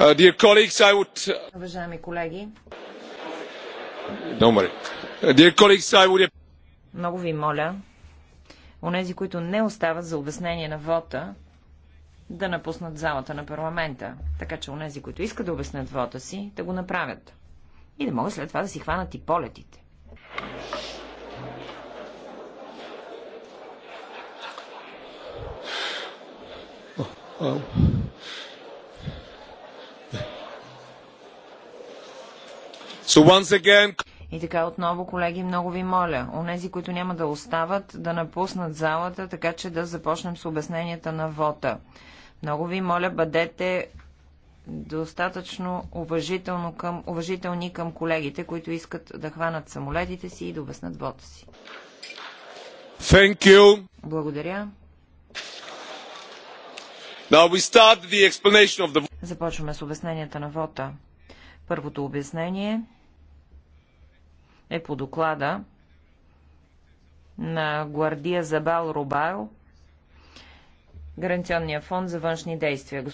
Uh, uh, Уважаеми колеги, uh, много ви моля, онези, които не остават за обяснение на вота, да напуснат залата на парламента. Така че онези, които искат да обяснят вота си, да го направят. И да могат след това да си хванат и полетите. Oh. So once again... И така отново, колеги, много ви моля, онези, които няма да остават, да напуснат залата, така че да започнем с обясненията на вота. Много ви моля, бъдете достатъчно уважително към, уважителни към колегите, които искат да хванат самолетите си и да обяснат вота си. Thank you. Благодаря. Now we start the explanation of the... Започваме с обясненията на вота. Първото обяснение е по доклада на Гвардия Забал Рубайл, Гаранционния фонд за външни действия.